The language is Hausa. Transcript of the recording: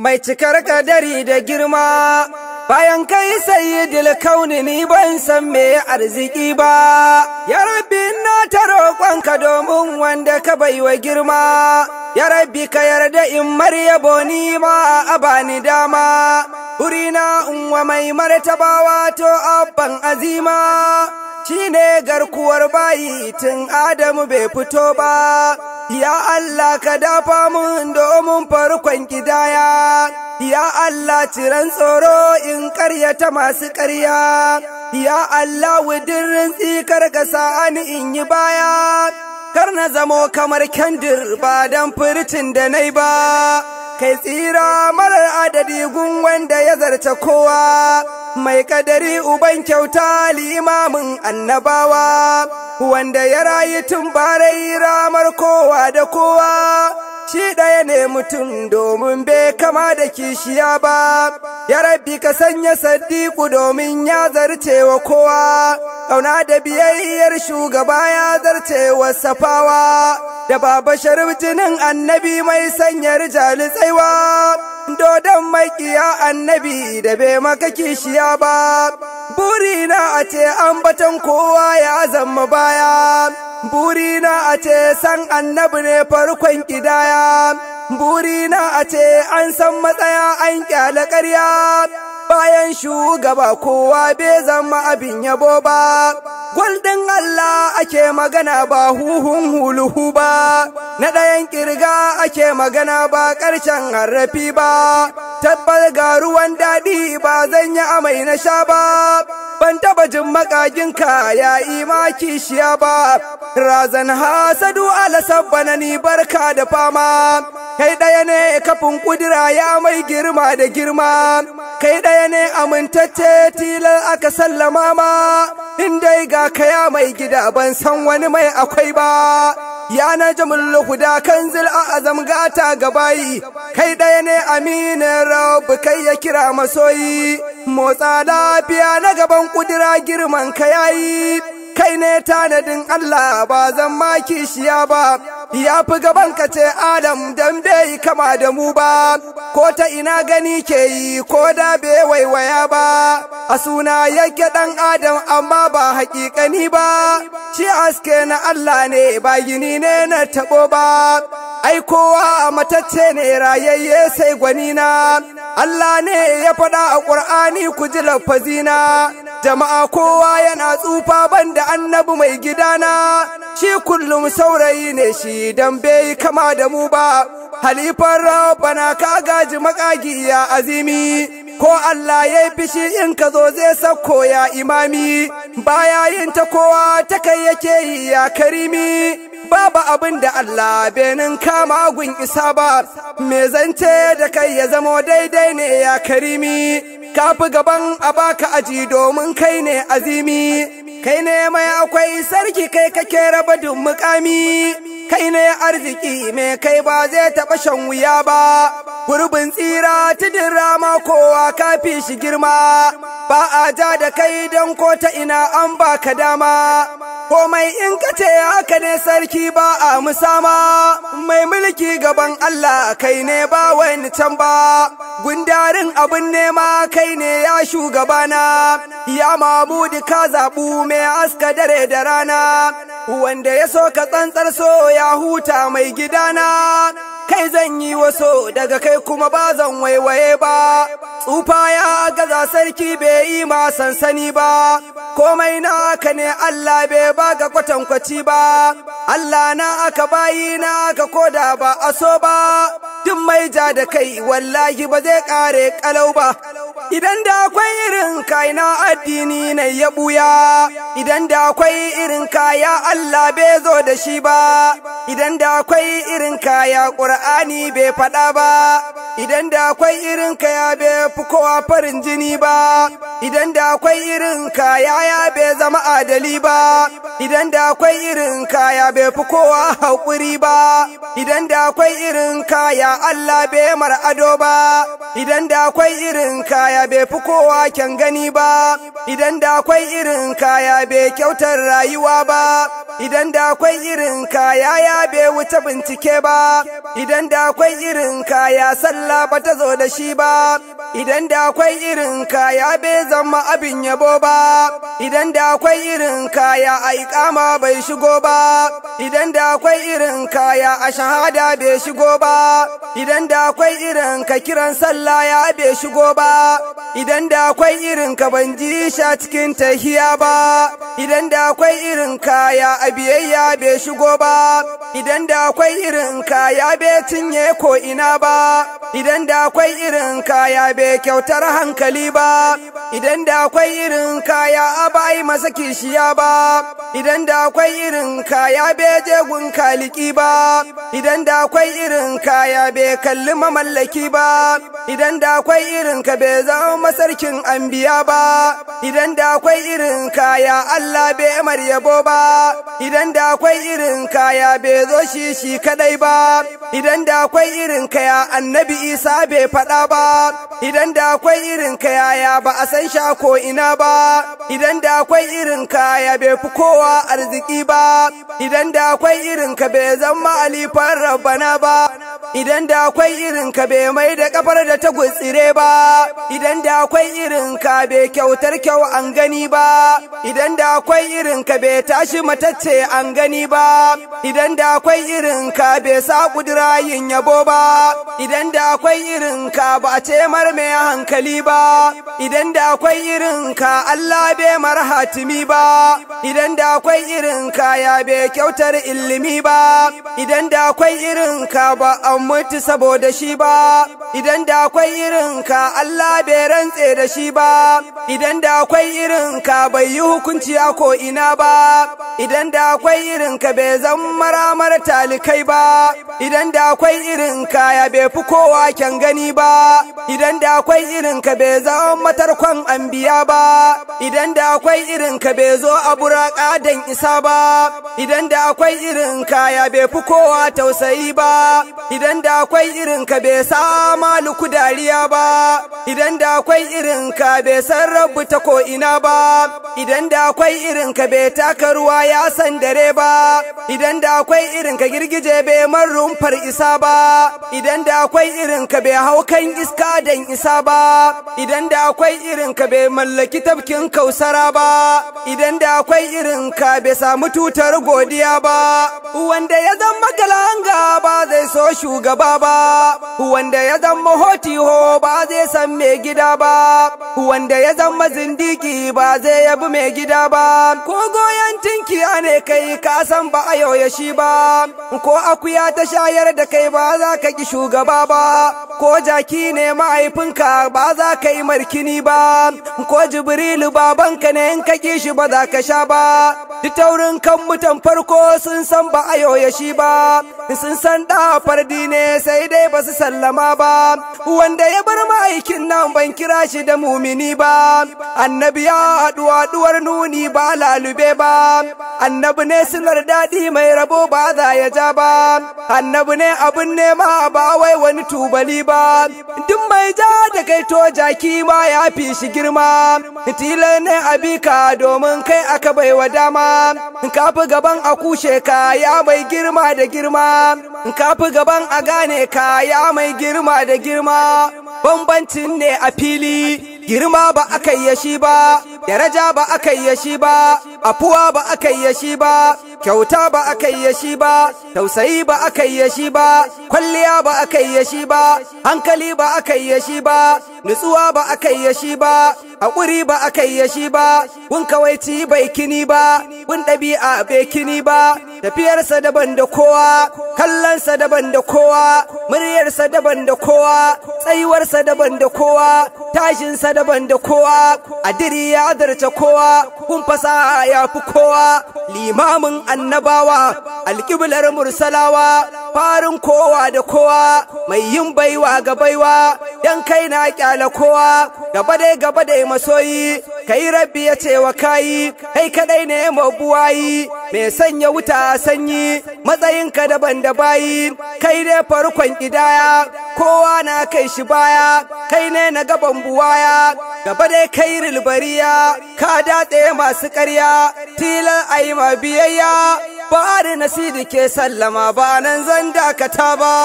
mai cikar kadari da girma bayan kai sayyidil kauni ni ban san me arziki ba ya rabbi na ta ka domin wanda ka baiwa girma ya rabbi ka yarda in maryabo ni ma a bani dama na unwa mai martaba wato abban azima shine garkuwar bayi tun adamu bai fito ba ya Allah ka dafa mun domin farkon gidaya, ya Allah ciran tsoro in karyata masu karya, ya Allah wudirin tsikar ka sa'ani in yi baya, kar na zamo kamar kendir ba dan furcin da nai ba. kai tsira marar adadi gun wanda ya zarta kowa mai kadari uban kyauta limamin annabawa wanda ya rayu tun barai ramar kowa da kowa shi ɗaya ne mutum domin bai kama da kishiya ba ya rabbi ka sanya sadiku domin ya zarce wa kowa ƙauna da biyayyar shugaba ya zarce wa safawa da baba sharif jinin annabi mai sanyar Jali tsaiwa dodon maƙiya annabi da bai maka kishiya ba burina a ce an batan kowa ya zama baya burina a ce san annabi ne farkon kidaya burina a ce an san matsaya an ƙyale karya. bayan shugaba kowa bai zama abin yabo ba gwaldin Allah ake magana ba huhun huluhu ba na ɗayan ƙirga ake magana ba ƙarshen harafi ba Tabbar ga ruwan daɗi ba zan yi amai na sha ba ban taba jin makagin ka ya yi maki shiya ba razan hasadu ala sabbana ni barka da fama kai ɗaya ne kafin ƙudira ya mai girma da girma kai ɗaya ne amintacce tilar aka sallama ma in dai ga kaya mai gida ban san wani mai akwai ba ya na jamul huda kanzil a azam gata gabayi kai ɗaya ne aminin rabu kai ya kira masoyi motsa lafiya na gaban kudura girman ka yayi kai ne tanadin Allah ba zan maki shiya ba ya fi gaban ka ce Adam dan bai kama da mu ba ko ta ina gani ke yi ko da bai waiwaya ba a suna yake dan Adam amma ba haƙiƙani ba shi aske na Allah ne ba gini ne na tabo ba ai kowa a matacce ne rayayye sai gwanina Allah ne ya faɗa a ƙur'ani ku ji lafazina jama'a kowa yana tsufa banda annabi mai gidana shi kullum saurayi ne shi don bai kama da mu ba halifar rabbana ka gaji makagi ya azimi ko Allah ya yi in ka zo zai sauko ya imami baya yin ta kowa ta kai yake yi ya karimi babu abin da Allah benin kama gun isa ba me zance da kai ya zama daidai ne ya karimi Kafi gaban a baka aji domin kai ne azimi kai ne mai akwai sarki kai kake raba duk mukami kai ne arziki me kai ba zai taɓa shan wuya ba gurbin tsira tudin rama kowa kafi shi girma ba a ja da kai don ko ta ina an baka dama komai in ka ce haka ne sarki ba a musama mai mulki gaban Allah kai ne ba wani can ba gundarin abin nema kai ne ya shugabana ya mamudi ka zaɓu mai aska dare da rana wanda ya so ka tsantsar so ya huta mai gidana kai zan yi waso daga kai kuma ba zan waiwaye ba tsufa ya gaza sarki bai yi ma sansani ba komai na aka ne Allah bai ba ga kwatankwaci ba Allah na aka bayi na aka koda ba aso ba duk mai ja da kai wallahi ba zai kare kalau ba idan da akwai irin kai na addini na ya buya idan da akwai irin kaya Allah bai zo da shi ba idan da akwai irin kaya ƙur'ani bai faɗa ba idan da akwai irin kaya bai fi kowa farin jini ba idan da akwai irin kaya ya bai zama adali ba idan da akwai irin kaya bai fi kowa haƙuri ba idan da akwai irin kaya Allah bai mar ado ba idan da akwai irin kaya bai fi kowa kyan gani ba idan da akwai irin kaya bai kyautar rayuwa ba idan da akwai irin kaya ya bai wuce bincike ba idan da akwai irin kaya sallah ba ta zo da shi ba idan da akwai irin kaya bai zama abin yabo ba idan da akwai irin kaya a ikama bai shigo ba idan da akwai irin kaya a shahada bai shigo ba idan da akwai irin ka kiran sallah ya bai shigo ba idan da akwai irin ka ban ji sha cikin tahiya ba idan da akwai irin kaya a biyayya bai shigo ba idan da akwai irin kaya bai cinye ko ina ba idan da akwai irin kaya bai kyautar hankali ba idan da akwai irin kaya ba masa kishiya ba idan da akwai irin kaya be jegun kaliki ba idan da akwai irin kaya be kalli mamallaki ba idan da akwai irin ka be zama masarkin anbiya ba idan da akwai irin kaya Allah be maryabo ba idan da akwai irin kaya be zo shi shi kadai ba idan da akwai irin kaya annabi Isa be faɗa ba idan da akwai irin kaya ya ba a san sha ko ina ba idan idan da akwai irin ka ya bai fi kowa arziki ba idan da akwai irin ka bai zama alifan rabbana ba idan da akwai irin ka bai mai da kafar da ta gutsire ba idan da akwai irin ka bai kyautar kyau an gani ba idan da akwai irin ka bai tashi matacce an gani ba idan da akwai irin ka bai sa kudura yin yabo ba idan da akwai irin ka ba ce mar mai hankali ba idan da akwai irin ka Allah bai mar hatimi ba idan da akwai irin ka ya be kyautar ilimi ba idan da akwai irin ka ba an mutu saboda shi ba idan da akwai irin ka Allah bai rantse da shi ba idan da akwai irin ka bai yi hukunci a ko ina ba idan da akwai irin ka bai zan maramar talikai ba idan da akwai irin ka ya bai fi kowa kyan gani ba idan da akwai irin ka bai zan matarkon anbiya ba idan da akwai irin ka bai zo a buraka dan isa ba idan da akwai irin ka ya bai fi kowa tausayi ba idan da akwai irin ka bai sa maluku dariya ba idan da akwai irin ka bai sarra rabu ta ko ina ba idan da akwai irin ka bai taka ruwa ya san dare ba idan da akwai irin ka girgije bai man rumfar isa ba idan da akwai irin ka bai hau kan iska dan isa ba idan da akwai irin ka bai mallaki tafkin kausara ba idan da akwai irin ka bai samu tutar godiya ba wanda ya zama galanga ba zai so shugaba ba wanda ya zama hotiho ba zai san mai gida ba wanda ya zama goyon mazindiki ba zai yabi mai gida ba ko goyon tinkiya ne kai ka san ba a yaushe shi ba ko akuya ta shayar da kai ba za ka ki shugaba ba ko jaki ne mahaifinka ba za ka yi markini ba ko jibrilu babanka ne in ka shi ba za ka sha ba duk taurin kan mutan farko sun san ba a yoya shi ba sun san da fardi ne sai dai ba su sallama ba wanda ya bar mahaikin nan ban kira shi da mumini ba annabi ya haɗuwa nuni ba lalube ba annabi ne sunar daɗi mai rabo ba za ya ja ba annabi ne abin nema ba wai wani tubali ba ba duk mai ja da kai to jaki ma ya fi shi girma tilar ne abika domin kai aka bai wa dama kafi gaban a kushe ka ya mai girma da girma kafi gaban a gane ka ya mai girma da girma bambancin ne a fili girma ba aka yi shi ba daraja ba aka yi shi ba afuwa ba aka yi shi ba kyauta ba aka yi shi ba tausayi ba aka yi shi ba kwalliya ba aka yi shi ba hankali ba aka yi shi ba nutsuwa ba aka yi shi ba haƙuri ba aka yi shi ba kun kawaici bai kini ba kun ɗabi'a bai kini ba tafiyarsa daban da kowa kallonsa daban da kowa muryarsa daban da kowa tsayuwarsa daban da kowa tashinsa daban da kowa adiri ya adarta kowa kun ya fi kowa limamin annabawa alƙiblar mursalawa farin kowa da kowa mai yin baiwa ga baiwa dan kai na kyala kowa gaba dai gaba dai masoyi kai rabbi ya ce wa kayi kai kadai ne mabuwayi mai sanya wuta sanyi matsayinka daban da bayi kai dai farkon kidaya kowa na kai shi baya kai ne na gaban buwaya gaba dai kai rilbariya ka datse masu karya tilar yi ma biyayya ba da nasidi ke sallama ba nan zan dakata ba